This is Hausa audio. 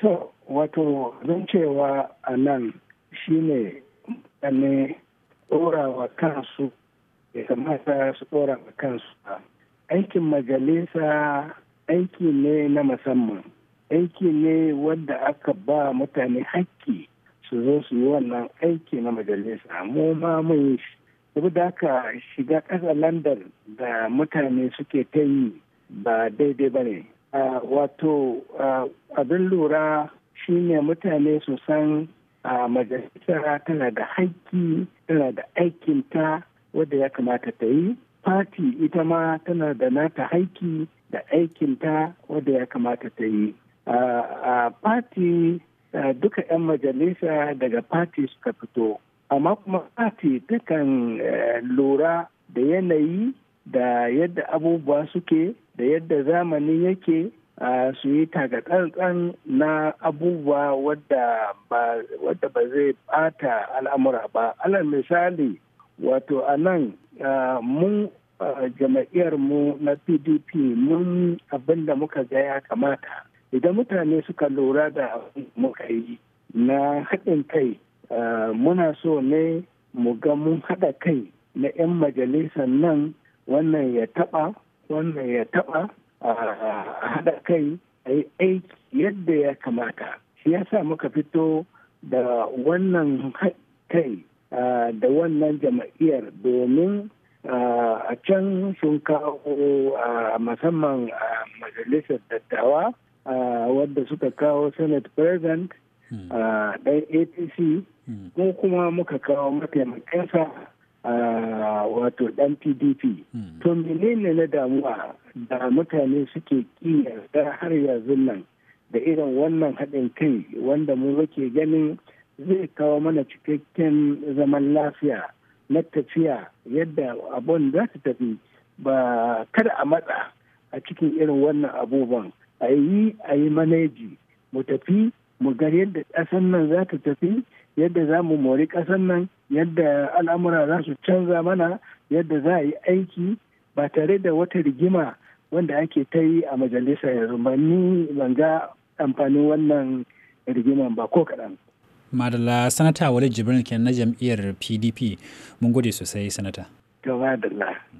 To, wato zan cewa a nan shi ne mutane ɗorawa kansu ya kamata su ɗorawa kansu ba. Aikin majalisa aiki ne na musamman, aiki ne wanda aka ba mutane haƙƙi su zo su yi wannan aiki na majalisa, mu ma mun yi shi. da haka shiga ƙasa London da mutane suke ta yi ba daidai ba ne. wato abin lura shine mutane su san majalisar tana da haƙƙi tana da aikinta wadda ya kamata ta yi fati ita ma tana da nata haiki da aikinta wadda ya kamata ta yi a fati duka 'yan majalisa daga fati suka fito amma kuma fati takan eh, lura da yanayi da yadda abubuwa suke da yadda zamani yake a su yi tagatsantsan na abubuwa wadda ba zai bata al'amura ba alal misali wato a nan mun mu na pdp mun abin da muka ga ya kamata idan mutane suka lura da muka yi na haɗin kai muna so ne mu ga mun haɗa kai na 'yan majalisar nan wannan ya taɓa wannan ya taɓa a haɗa kai a yi aiki yadda ya kamata shi sa muka fito da wannan kai da wannan jama'iyyar domin a can sun kawo musamman majalisar dattawa wadda suka kawo senate president hmm. ɗan apc ko hmm. kuma muka kawo mataimakinsa wato dan pdp hmm. to menene na damuwa da mutane suke ƙi yarda har yanzu nan da irin wannan haɗin kai wanda mu muke ganin zai kawo mana cikakken zaman lafiya na tafiya yadda abun za su tafi ba kada a matsa a cikin irin wannan abubuwan a yi a yi maneji mu tafi mu ga yadda ƙasar nan za ta tafi yadda za mu mori ƙasar nan yadda al'amura za su canza mana yadda za a yi aiki ba tare da wata rigima wanda ake ta yi a majalisa yanzu ba ni ban ga amfanin wannan rigima ba ko kaɗan. madalla sanata wale jibrin kenan na jam'iyyar pdp mun gode sosai sanata.